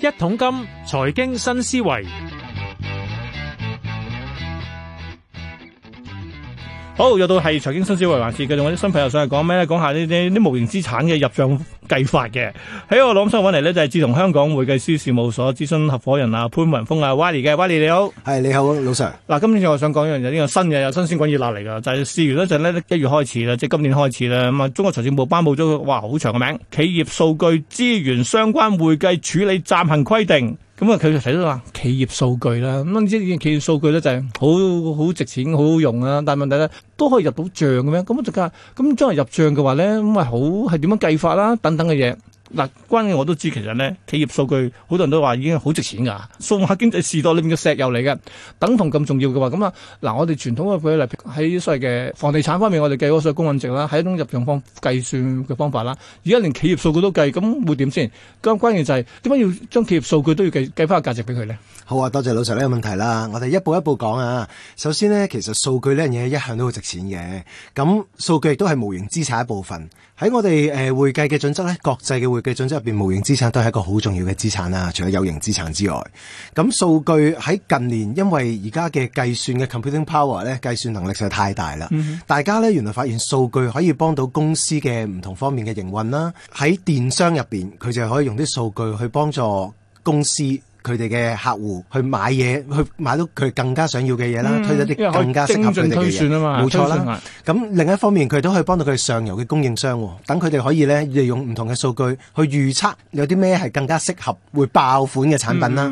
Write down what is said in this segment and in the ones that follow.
一桶金，財經新思維。好又到係財經新思維環節，嘅仲有啲新朋友想嚟講咩咧？講下呢啲啲無形資產嘅入賬計法嘅。喺我諗想揾嚟咧，就係自同香港會計師事務所諮詢合伙人啊潘文峰啊 Wally 嘅 Wally 你好，係你好老 Sir。嗱、啊，今次我想講一樣嘢，呢個新嘅有新鮮滾熱辣嚟噶，就係試完一陣呢，一月開始啦，即係今年開始啦。咁啊，中國財政部頒布咗個哇好長嘅名《企業數據資源相關會計處理暫行規定》。咁啊，佢就睇到啦，企業數據啦，咁你知企業數據咧就係好好值錢、好好用啊！但問題咧都可以入到賬嘅咩？咁就咁將嚟入賬嘅話咧，咁咪好係點樣計法啦，等等嘅嘢。嗱，關鍵我都知，其實呢，企業數據好多人都話已經好值錢噶，數碼經濟時代裏面嘅石油嚟嘅，等同咁重要嘅話，咁啊嗱，我哋傳統嘅舉例喺所謂嘅房地產方面，我哋計過所個公允值啦，係一種入用方計算嘅方法啦。而家連企業數據都計，咁會點先？咁關鍵就係點解要將企業數據都要計計翻個價值俾佢呢？好啊，多謝老實呢個問題啦。我哋一步一步講啊。首先呢，其實數據呢樣嘢一向都好值錢嘅，咁數據亦都係無形資產一部分。喺我哋誒會計嘅準則咧，國際嘅會計準則入邊，無形資產都係一個好重要嘅資產啦，除咗有形資產之外，咁數據喺近年因為而家嘅計算嘅 computing power 咧，計算能力實在太大啦，嗯，大家咧原來發現數據可以幫到公司嘅唔同方面嘅營運啦，喺電商入邊，佢就可以用啲數據去幫助公司。佢哋嘅客戶去買嘢，去買到佢更加想要嘅嘢啦，推咗啲更加適合佢哋嘅嘢吖嘛，冇錯啦。咁另一方面，佢都可以幫到佢哋上游嘅供應商，等佢哋可以咧利用唔同嘅數據去預測有啲咩係更加適合會爆款嘅產品啦。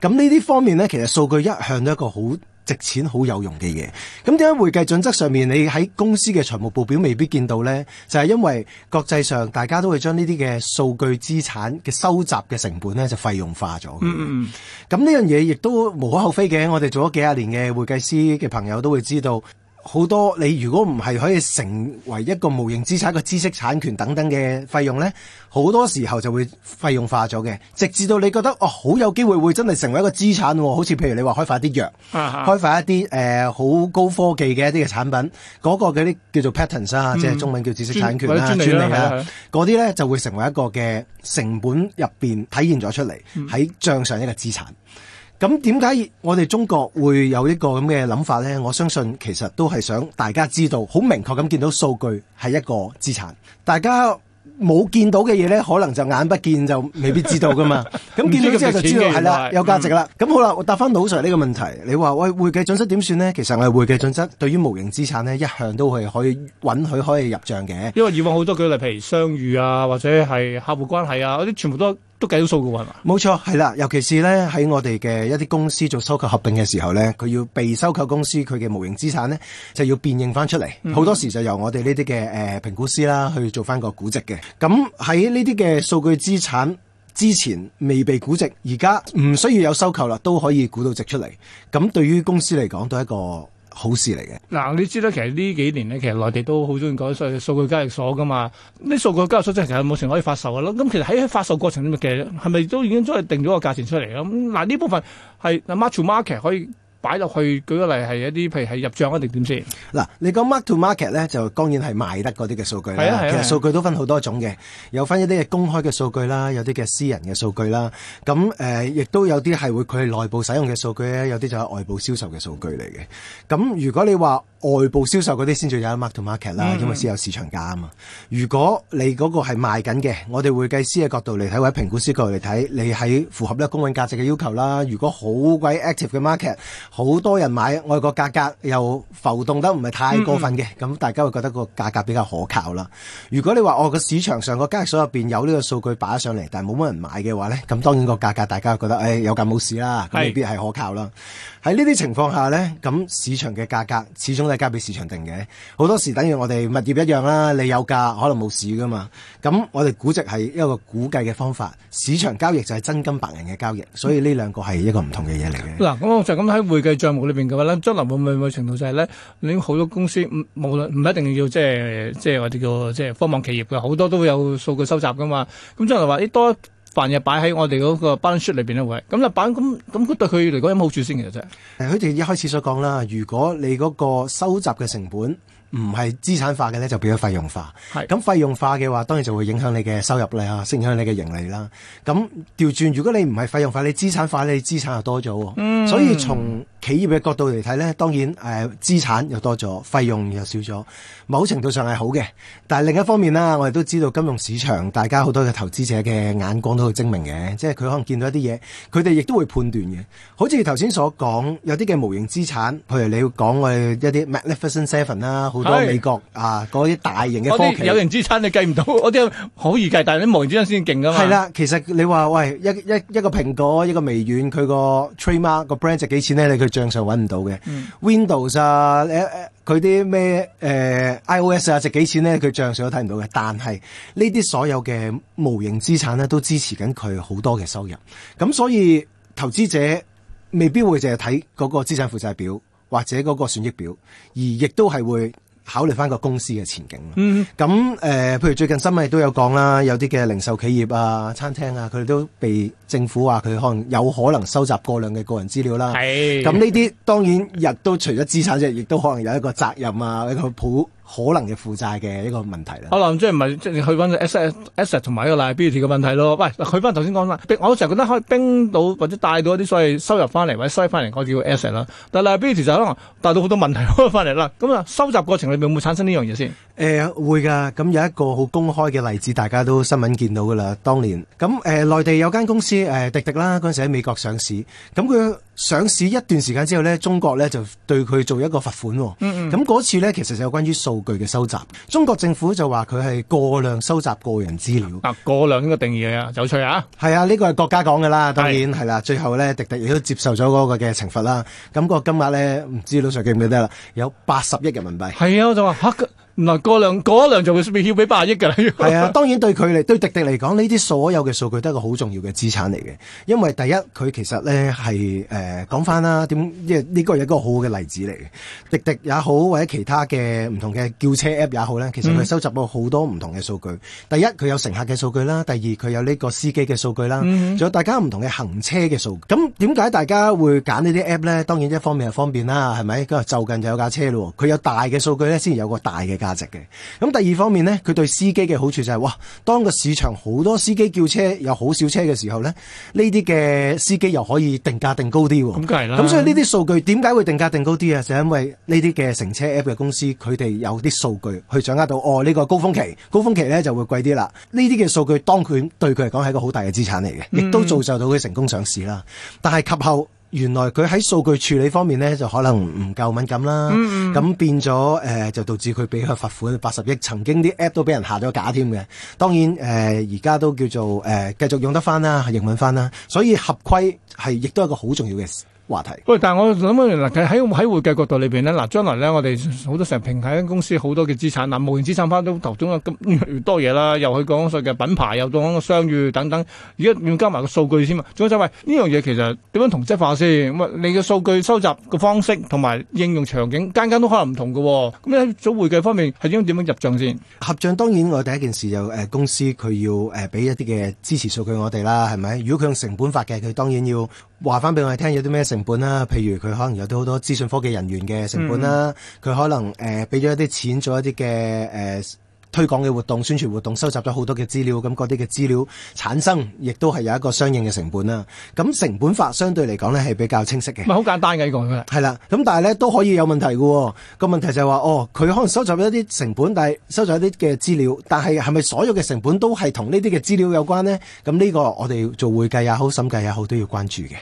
咁呢啲方面咧，其實數據一向都一個好值錢好有用嘅嘢，咁點解會計準則上面你喺公司嘅財務報表未必見到呢？就係、是、因為國際上大家都會將呢啲嘅數據資產嘅收集嘅成本呢，就費用化咗。嗯咁、嗯、呢樣嘢亦都無可厚非嘅。我哋做咗幾十年嘅會計師嘅朋友都會知道。好多你如果唔係可以成為一個無形資產、一個知識產權等等嘅費用呢，好多時候就會費用化咗嘅，直至到你覺得哦，好有機會會真係成為一個資產喎，好似譬如你話開發啲藥、啊啊，開發一啲誒好高科技嘅一啲嘅產品，嗰、嗰個嗰啲叫做 patents 啊、嗯，即係中文叫知識產權、嗯、啊，專利啊嗰啲呢，啊啊、就會成為一個嘅成本入邊，體現咗出嚟，喺、嗯、帳上一個資產。咁點解我哋中國會有一個咁嘅諗法咧？我相信其實都係想大家知道，好明確咁見到數據係一個資產。大家冇見到嘅嘢咧，可能就眼不見就未必知道噶嘛。咁 見到之後就知道係啦，有價值啦。咁、嗯、好啦，我答翻老 Sir 呢個問題，你話喂，會計準則點算咧？其實我哋會計準則對於無形資產咧，一向都係可以允許可，可以入賬嘅。因為以往好多舉例，譬如商譽啊，或者係客戶關係啊，嗰啲全部都。都計到數噶喎，係嘛？冇錯，係啦。尤其是咧，喺我哋嘅一啲公司做收購合併嘅時候咧，佢要被收購公司佢嘅無形資產咧，就要辨認翻出嚟。好、嗯、多時就由我哋呢啲嘅誒評估師啦去做翻個估值嘅。咁喺呢啲嘅數據資產之前未被估值，而家唔需要有收購啦，都可以估到值出嚟。咁對於公司嚟講，都係一個。好事嚟嘅嗱，你知啦，其實呢幾年呢，其實內地都好中意講數數據交易所噶嘛，呢數據交易所即係其實冇成可以發售噶咯，咁其實喺發售過程入面嘅，係咪都已經都係定咗個價錢出嚟、嗯、啊？嗱，呢部分係 mark to market 可以。擺落去，舉個例係一啲，譬如係入帳定點先？嗱，你講 mark to market 咧，就當然係賣得嗰啲嘅數據、啊啊啊啊、其實數據都分好多種嘅，有分一啲公開嘅數據啦，有啲嘅私人嘅數據啦。咁亦、呃、都有啲係會佢內部使用嘅數據咧，有啲就係外部銷售嘅數據嚟嘅。咁如果你話外部銷售嗰啲先至有 mark to market 啦，因為先有市場價啊嘛、嗯。如果你嗰個係賣緊嘅，我哋會計師嘅角度嚟睇，或者評估師角度嚟睇，你喺符合呢個公允價值嘅要求啦。如果好鬼 active 嘅 market，好多人買，外國價格又浮動得唔係太過分嘅，咁、嗯、大家會覺得個價格比較可靠啦。如果你話我個市場上個交易所入面有呢個數據擺上嚟，但係冇乜人買嘅話呢，咁當然個價格大家會覺得誒、哎、有價冇市啦，未必係可靠啦。喺呢啲情況下呢，咁市場嘅價格始終都係交俾市場定嘅。好多時等於我哋物業一樣啦，你有價可能冇市噶嘛。咁我哋估值係一個估計嘅方法，市場交易就係真金白銀嘅交易，所以呢兩個係一個唔同嘅嘢嚟嘅。嗱、啊，咁我就咁喺會。嘅帳目裏邊嘅話咧，將來會唔會某程度就係、是、咧，你好多公司無論唔一定要即係即係我哋叫即係科網企業嘅，好多都有數據收集噶嘛。咁將來話啲多凡嘢擺喺我哋嗰個 balance sheet 裏邊咧，會咁立板咁咁，佢對佢嚟講有冇好處先其實啫？誒，佢哋一開始所講啦，如果你嗰個收集嘅成本唔係資產化嘅咧，就變咗費用化。咁費用化嘅話，當然就會影響你嘅收入啦、啊，影響你嘅盈利啦。咁調轉，如果你唔係費用化，你資產化，你資產又多咗喎、嗯。所以從企業嘅角度嚟睇咧，當然誒資產又多咗，費用又少咗，某程度上係好嘅。但另一方面啦，我哋都知道金融市場，大家好多嘅投資者嘅眼光都好精明嘅，即係佢可能見到一啲嘢，佢哋亦都會判斷嘅。好似頭先所講，有啲嘅無形資產，譬如你講我哋一啲 Magnificent Seven 啦，好多美國啊嗰啲大型嘅科技，有形資產你計唔到，我哋好易計，但係啲無形資產先勁㗎嘛。係啦，其實你話喂，一一一,一個蘋果一個微軟，佢個 trademark 個 brand 值幾錢咧？你佢賬上揾唔到嘅，Windows 啊，佢啲咩誒 iOS 啊，值幾錢咧？佢帳上都睇唔到嘅。但係呢啲所有嘅無形資產咧，都支持緊佢好多嘅收入。咁所以投資者未必會淨係睇嗰個資產負債表或者嗰個損益表，而亦都係會。考慮翻個公司嘅前景，咁誒、呃，譬如最近新聞亦都有講啦，有啲嘅零售企業啊、餐廳啊，佢哋都被政府話佢可能有可能收集過量嘅個人資料啦。係。咁呢啲當然亦都除咗資產啫，亦都可能有一個責任啊，一個普。可能嘅負債嘅一個問題啦。喇。啦，即係唔係即係去翻 asset，asset 同埋呢個 liability 嘅問題咯。喂，去翻頭先講翻，我成日覺得可以冰島或者帶到一啲所謂收入翻嚟或者收翻嚟，我叫 asset 啦。但 liability 就可能帶到好多問題開翻嚟啦。咁啊，收集過程裏面有冇產生呢樣嘢先？誒會㗎，咁有一個好公開嘅例、呃、例子，大家都新聞見到㗎啦。當年咁誒、呃，內地有間公司誒滴滴、呃、啦，嗰陣時喺美國上市，咁佢。呃上市一段時間之後呢，中國呢就對佢做一個罰款。嗯嗯。咁嗰次呢，其實就有關於數據嘅收集。中國政府就話佢係過量收集個人資料。啊，過量呢個定義啊，有趣啊！係啊，呢、呢個係國家講嘅啦，當然係啦、啊。最後呢，滴滴亦都接受咗嗰個嘅懲罰啦。咁、嗰個金額呢，唔知老實記唔記得啦？有八十億人民幣。係啊，我就話吓嗱、那個，過、那個、量過一兩兆，佢咪要俾八十億噶？係啊，當然對佢嚟，對滴滴嚟講，呢啲所有嘅數據都係一個好重要嘅資產嚟嘅。因為第一，佢其實咧係誒講翻啦，點呢、呃、個係一個好好嘅例子嚟嘅。滴滴也好，或者其他嘅唔同嘅叫車 app 也好咧，其實佢收集到好多唔同嘅數據。嗯。第一，佢有乘客嘅數據啦；第二，佢有呢個司機嘅數據啦；仲、嗯、有大家唔同嘅行車嘅數據。咁點解大家會揀呢啲 app 咧？當然一方面係方便啦，係咪？佢就近就有架車咯。佢有大嘅數據咧，先有個大嘅。價值嘅，咁第二方面呢，佢對司機嘅好處就係，哇，當個市場好多司機叫車有好少車嘅時候呢，呢啲嘅司機又可以定價定高啲喎。咁梗係啦。咁所以呢啲數據點解會定價定高啲啊？就係因為呢啲嘅乘車 app 嘅公司，佢哋有啲數據去掌握到，哦，呢個高峰期，高峰期呢就會貴啲啦。呢啲嘅數據當權對佢嚟講係一個好大嘅資產嚟嘅，亦都造就到佢成功上市啦。但係及後。原來佢喺數據處理方面咧，就可能唔夠敏感啦。咁、嗯嗯、變咗誒、呃，就導致佢俾佢罰款八十億。曾經啲 app 都俾人下咗假添嘅。當然誒，而、呃、家都叫做誒、呃、繼續用得翻啦，係認允翻啦。所以合規係亦都係一個好重要嘅事。話題喂，但係我諗咧，嗱喺喺會計角度裏邊呢，嗱將來呢，我哋好多成平喺間公司好多嘅資產，嗱無形資產翻都頭中咗越嚟越多嘢啦，又去講稅嘅品牌，又講個商譽等等，而家要加埋個數據先嘛，總之就喂呢樣嘢其實點樣同質化先？咁啊，你嘅數據收集嘅方式同埋應用場景間間都可能唔同喎。咁你喺做會計方面係應該點樣入賬先？合賬當然，我第一件事就誒、是、公司佢要誒俾一啲嘅支持數據我哋啦，係咪？如果佢用成本法嘅，佢當然要話翻俾我哋聽有啲咩。成本啦，譬如佢可能有啲好多資訊科技人員嘅成本啦，佢、嗯、可能誒俾咗一啲錢做一啲嘅誒推廣嘅活動、宣傳活動，收集咗好多嘅資料，咁嗰啲嘅資料產生，亦都係有一個相應嘅成本啦。咁成本法相對嚟講呢，係比較清晰嘅，唔係好簡單嘅個㗎，係啦。咁但係呢，都可以有問題嘅個、哦、問題就係話，哦，佢可能收集咗一啲成本，但係收集一啲嘅資料，但係係咪所有嘅成本都係同呢啲嘅資料有關呢？咁呢個我哋做會計也好、審計也好都要關注嘅。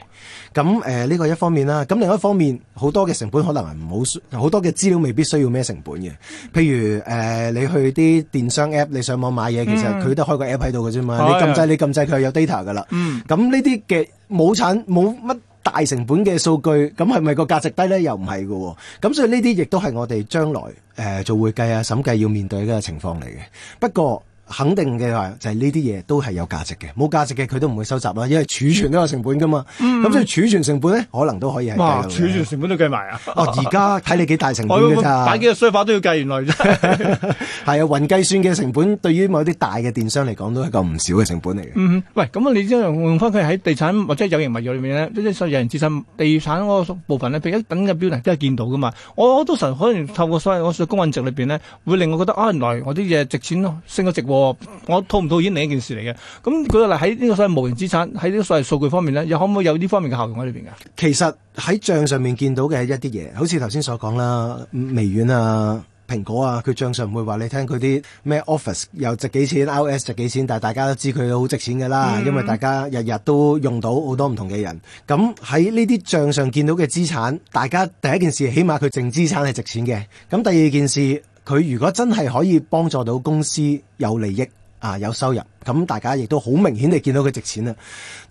咁誒呢個一方面啦，咁另外一方面好多嘅成本可能係唔好，好多嘅資料未必需要咩成本嘅。譬如誒、呃，你去啲電商 app，你上網買嘢、嗯，其實佢都開個 app 喺度嘅啫嘛。你撳掣，你撳掣佢有 data 噶啦。咁呢啲嘅冇產冇乜大成本嘅數據，咁係咪個價值低呢？又唔係喎。咁所以呢啲亦都係我哋將來誒、呃、做會計啊、審計要面對嘅情況嚟嘅。不過，肯定嘅話就係呢啲嘢都係有價值嘅，冇價值嘅佢都唔會收集啦，因為儲存都有成本噶嘛。咁、嗯、所以儲存成本咧可能都可以係。哇，儲存成本都計埋 啊！哦，而家睇你幾大成本噶咋？買、哦、幾隻沙都要計，原來啫。係 啊！雲計算嘅成本對於某啲大嘅電商嚟講都係一個唔少嘅成本嚟嘅、嗯。喂，咁你即用翻佢喺地產或者有形物業裏面呢？即、就、係、是、有人自身地產嗰部分呢，譬如一等嘅標呢都係見到噶嘛。我好多時候可能透過所謂我嘅公允值裏邊呢，會令我覺得、啊、原來我啲嘢值錢咯，升咗值。我我討唔討厭另一件事嚟嘅，咁舉個例喺呢個所謂無形資產，喺呢啲所謂數據方面咧，又可唔可以有呢方面嘅效用喺裏邊嘅？其實喺帳上面見到嘅一啲嘢，好似頭先所講啦，微軟啊、蘋果啊，佢帳上唔會話你聽佢啲咩 Office 又值幾錢，iOS、嗯、值幾錢，但係大家都知佢好值錢嘅啦，因為大家日日都用到好多唔同嘅人。咁喺呢啲帳上見到嘅資產，大家第一件事，起碼佢淨資產係值錢嘅。咁第二件事。佢如果真係可以幫助到公司有利益啊，有收入，咁大家亦都好明顯地見到佢值錢啦。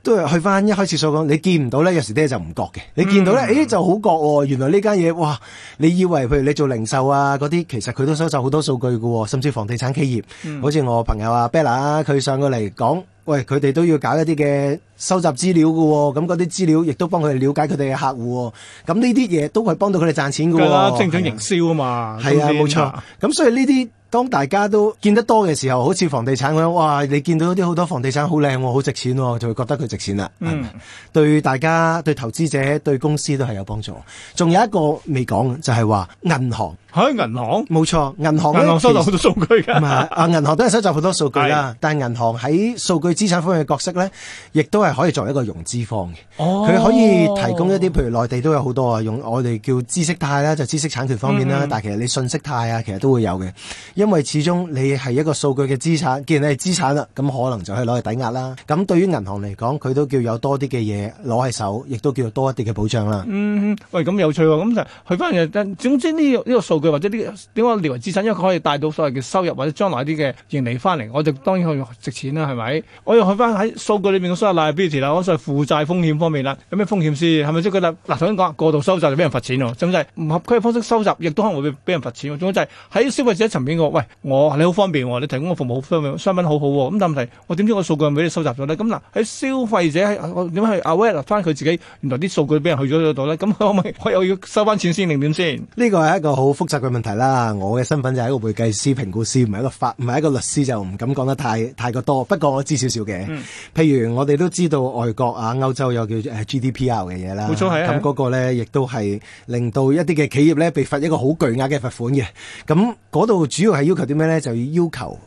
都係去翻一開始所講，你見唔到咧，有時咧就唔覺嘅；你見到咧，咦、mm-hmm. 就好覺喎、哦。原來呢間嘢哇，你以為譬如你做零售啊嗰啲，其實佢都收集好多數據喎、哦。甚至房地產企業，mm-hmm. 好似我朋友啊，Bella 佢上過嚟講，喂，佢哋都要搞一啲嘅。收集資料嘅喎、哦，咁嗰啲資料亦都幫佢哋了解佢哋嘅客戶、哦，咁呢啲嘢都係幫到佢哋賺錢嘅、哦。梗係啦，精準營銷啊嘛，係啊，冇、啊、錯。咁、啊、所以呢啲，當大家都見得多嘅時候，好似房地產咁，哇！你見到啲好多房地產好靚喎，好值錢喎、哦，就會覺得佢值錢啦。嗯，對大家、對投資者、對公司都係有幫助。仲有一個未講就係、是、話銀行。喺銀行冇錯，銀行銀行收集好多數據嘅。啊， 銀行都係收集好多數據啦。但係銀行喺數據資產方面嘅角色咧，亦都係。可以作為一個融資方嘅，佢可以提供一啲，譬如內地都有好多啊，用我哋叫知識貸啦，就知識產權方面啦。但係其實你信息貸啊，其實都會有嘅，因為始終你係一個數據嘅資產，既然你係資產啦，咁可能就係攞嚟抵押啦。咁對於銀行嚟講，佢都叫有多啲嘅嘢攞喺手，亦都叫多一啲嘅保障啦。嗯，喂，咁有趣喎、哦，咁就去翻又總之呢個呢個數據或者呢點解我列為資產，因為佢可以帶到所謂嘅收入或者將來啲嘅盈利翻嚟，我哋當然佢值錢啦，係咪？我要去翻喺數據裏面嘅收入邊時啦？我所以負債風險方面啦，有咩風險先？係咪先覺得嗱？頭先講過度收集就俾人罰錢喎、啊，咁就係唔合規嘅方式收集，亦都可能會俾人罰錢、啊。總之就係喺消費者層面個，喂，我你好方便喎，你提供嘅服務，服務商品商品好好、啊、喎，咁但係我點知個數據俾你收集咗呢？咁嗱，喺消費者喺點解啊？喂，嗱，翻佢自己原來啲數據俾人去咗度呢？咁可唔可以？我又要收翻錢先定點先？呢個係一個好複雜嘅問題啦。我嘅身份就係一個會計師、評估師，唔係一個法，唔係一個律師，就唔敢講得太太過多。不過我知少少嘅、嗯，譬如我哋都知。知道外國啊，歐洲有叫誒 GDPR 嘅嘢啦，冇錯係啊。咁嗰個咧，亦都係令到一啲嘅企業咧，被罰一個好巨額嘅罰款嘅。咁嗰度主要係要求啲咩咧？就要求誒喺、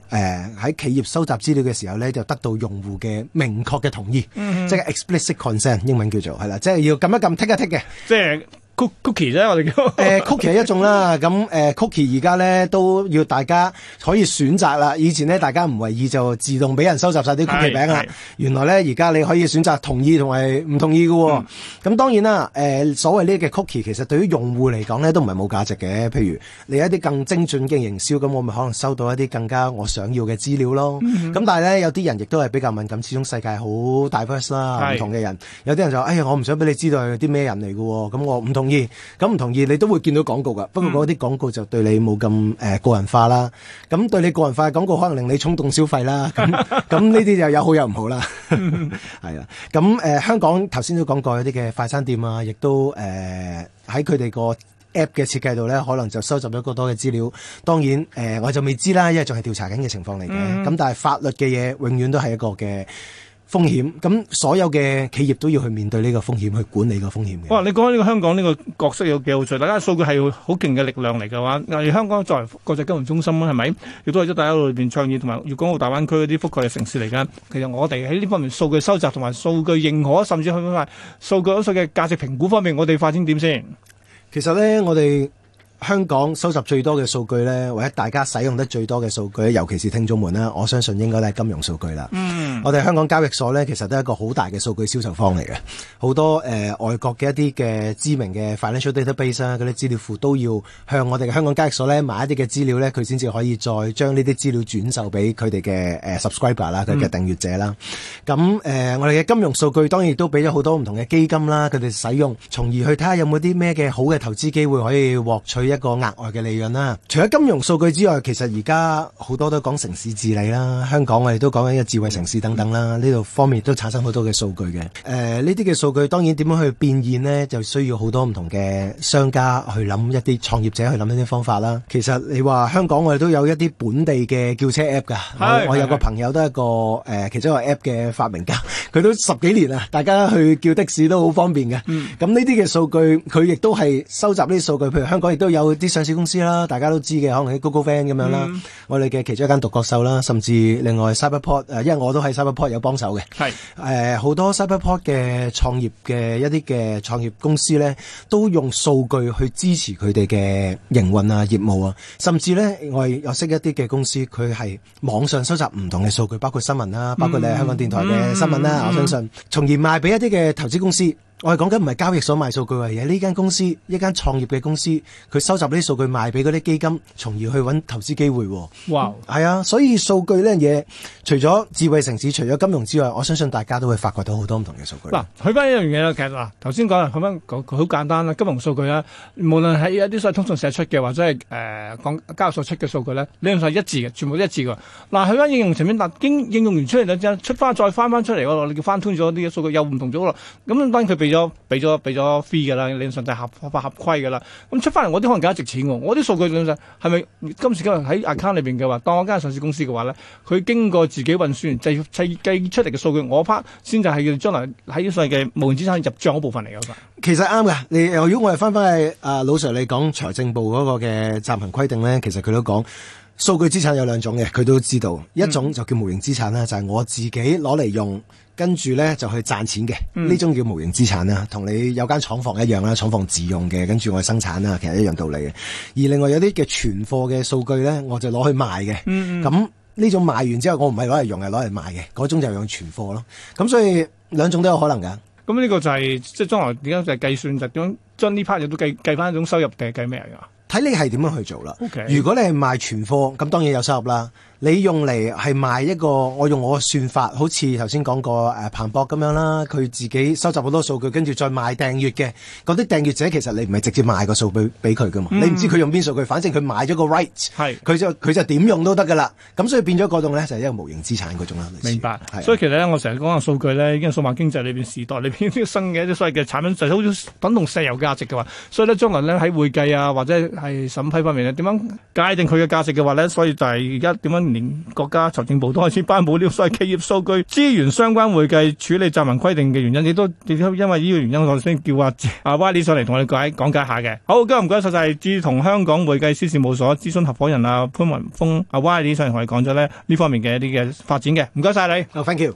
呃、企業收集資料嘅時候咧，就得到用戶嘅明確嘅同意，嗯、即係 explicit consent，英文叫做係啦，即係要撳一撳 tick 一 tick 嘅，即係。cookie 啫，我哋叫誒 cookie 係 一種啦。咁誒、uh, cookie 而家咧都要大家可以選擇啦。以前咧大家唔為意就自動俾人收集晒啲 cookie 餅啦。原來咧而家你可以選擇同意同埋唔同意嘅，哦。咁、嗯、當然啦，誒、呃、所謂呢嘅 cookie 其實對於用戶嚟講咧都唔係冇價值嘅。譬如你一啲更精準嘅營銷，咁我咪可能收到一啲更加我想要嘅資料咯。咁、嗯、但係咧有啲人亦都係比較敏感，始終世界好 diverse 啦，唔同嘅人。有啲人就誒、哎，我唔想俾你知道係啲咩人嚟嘅喎。咁我唔同意咁唔同意，同意你都會見到廣告噶。不過嗰啲廣告就對你冇咁誒個人化啦。咁對你個人化嘅廣告，可能令你衝動消費啦。咁咁呢啲就有好有唔好啦。係 啊。 咁、呃、香港頭先都講過有啲嘅快餐店啊，亦都喺佢哋個 app 嘅設計度咧，可能就收集咗過多嘅資料。當然、呃、我就未知啦，因為仲係調查緊嘅情況嚟嘅。咁 但係法律嘅嘢，永遠都係一個嘅風險咁，所有嘅企業都要去面對呢個風險，去管理個風險嘅。哇！你講呢個香港呢個角色有幾好？大家數據係好勁嘅力量嚟嘅話，例如香港作為國際金融中心，係咪？亦都係一帶一路裏邊創業同埋粵港澳大灣區嗰啲覆蓋嘅城市嚟㗎。其實我哋喺呢方面數據收集同埋數據認可，甚至去講埋數據嗰個嘅價值評估方面，我哋發展點先？其實呢，我哋香港收集最多嘅數據呢，或者大家使用得最多嘅數據，尤其是聽眾們呢，我相信應該都係金融數據啦。嗯。我哋香港交易所咧，其實都係一個好大嘅數據銷售方嚟嘅，好多誒外國嘅一啲嘅知名嘅 financial database 啊，嗰啲資料庫都要向我哋嘅香港交易所咧買一啲嘅資料咧，佢先至可以再將呢啲資料轉售俾佢哋嘅誒 subscriber 啦，佢嘅訂閱者啦。咁、嗯、誒，我哋嘅金融數據當然都俾咗好多唔同嘅基金啦，佢哋使用，從而去睇下有冇啲咩嘅好嘅投資機會可以獲取一個額外嘅利潤啦。除咗金融數據之外，其實而家好多都講城市治理啦，香港我哋都講緊一個智慧城市等等。嗯等啦，呢度方面都產生好多嘅數據嘅。誒，呢啲嘅數據當然點樣去變現咧，就需要好多唔同嘅商家去諗一啲創業者去諗一啲方法啦。其實你話香港我哋都有一啲本地嘅叫車 App 噶，我，我有個朋友都係一個誒、呃、其中一個 App 嘅發明家，佢都十幾年啊，大家去叫的士都好方便嘅。咁呢啲嘅數據佢亦都係收集呢啲數據，譬如香港亦都有啲上市公司啦，大家都知嘅，可能啲 GoGoVan 咁樣啦，嗯、我哋嘅其中一間獨角獸啦，甚至另外 Cyberport 誒、呃，因為我都係。Cyberport 有幫手嘅，係誒好多 Cyberport 嘅創業嘅一啲嘅創業公司咧，都用數據去支持佢哋嘅營運啊、業務啊，甚至咧我係有識一啲嘅公司，佢係網上收集唔同嘅數據，包括新聞啦、啊嗯，包括你、嗯、香港電台嘅新聞啦、啊嗯，我相信，從而賣俾一啲嘅投資公司。我係講緊唔係交易所賣數據，而係呢間公司，一間創業嘅公司，佢收集呢啲數據賣俾嗰啲基金，從而去揾投資機會。哇、wow. 嗯！係啊，所以數據呢樣嘢，除咗智慧城市，除咗金融之外，我相信大家都會發掘到好多唔同嘅數據。嗱、啊，去翻一樣嘢啦，其實嗱，頭先講啦，去翻講好簡單啦，金融數據啦，無論係一啲所謂通訊社出嘅，或者係誒講交易所出嘅數據呢，理論上一致嘅，全部都一致嘅。嗱、啊，去翻應用層面，嗱經應用完出嚟之後出翻，再翻翻出嚟嘅，你叫翻通咗啲數據又唔同咗咯。咁翻佢俾咗俾咗俾咗 free 噶啦，理論上就合法，合規噶啦。咁、嗯、出翻嚟，我啲可能更加值錢喎。我啲數據其實係咪今時今日喺 account 裏邊嘅話，當我間上市公司嘅話咧，佢經過自己運算、計計出嚟嘅數據，我 part 先就係要將來喺啲嘅無形資產入帳嗰部分嚟嘅。其實啱嘅。你如果我係翻翻去，老、呃、Sir 你講財政部嗰個嘅暫行規定咧，其實佢都講。數據資產有兩種嘅，佢都知道，一種就叫無形資產啦、嗯，就係、是、我自己攞嚟用，跟住咧就去賺錢嘅，呢、嗯、種叫無形資產啦，同你有間廠房一樣啦，廠房自用嘅，跟住我生產啦，其實一樣道理嘅。而另外有啲嘅存貨嘅數據咧，我就攞去賣嘅，咁、嗯、呢、嗯、種賣完之後，我唔係攞嚟用，係攞嚟賣嘅，嗰種就用存貨咯。咁所以兩種都有可能㗎。咁、嗯、呢個就係、是、即將來點樣就計算，就將呢 part 亦都計返翻一種收入定係計咩嚟？睇你係點樣去做啦。Okay. 如果你係賣存貨，咁當然有收入啦。你用嚟係賣一個，我用我嘅算法，好似頭先講過誒彭博咁樣啦。佢自己收集好多數據，跟住再賣訂閲嘅嗰啲訂閲者，其實你唔係直接賣個數據俾俾佢噶嘛。你唔知佢用邊數據，反正佢買咗個 right 佢就佢就點用都得噶啦。咁所以變咗嗰種咧就係一個無形資產嗰種啦。明白。所以其實咧，我成日講個數據咧，已經數碼經濟裏邊時代裏邊啲新嘅一啲所謂嘅產品，就好似等同石油價值嘅話，所以咧將來咧喺會計啊或者。係、哎、審批方面咧，點樣界定佢嘅價值嘅話咧，所以就係而家點樣連國家財政部都開始頒布呢個所謂企業數據資源相關會計處理暫行規定嘅原因，亦都亦都因為呢個原因，我哋先叫阿阿 Wylie 上嚟同我哋解講解下嘅。好，今日唔該晒，係駐同香港會計師事務所諮詢合夥人阿潘文峰阿 Wylie 上嚟同我哋講咗咧呢方面嘅一啲嘅發展嘅。唔該晒你。oh, thank you。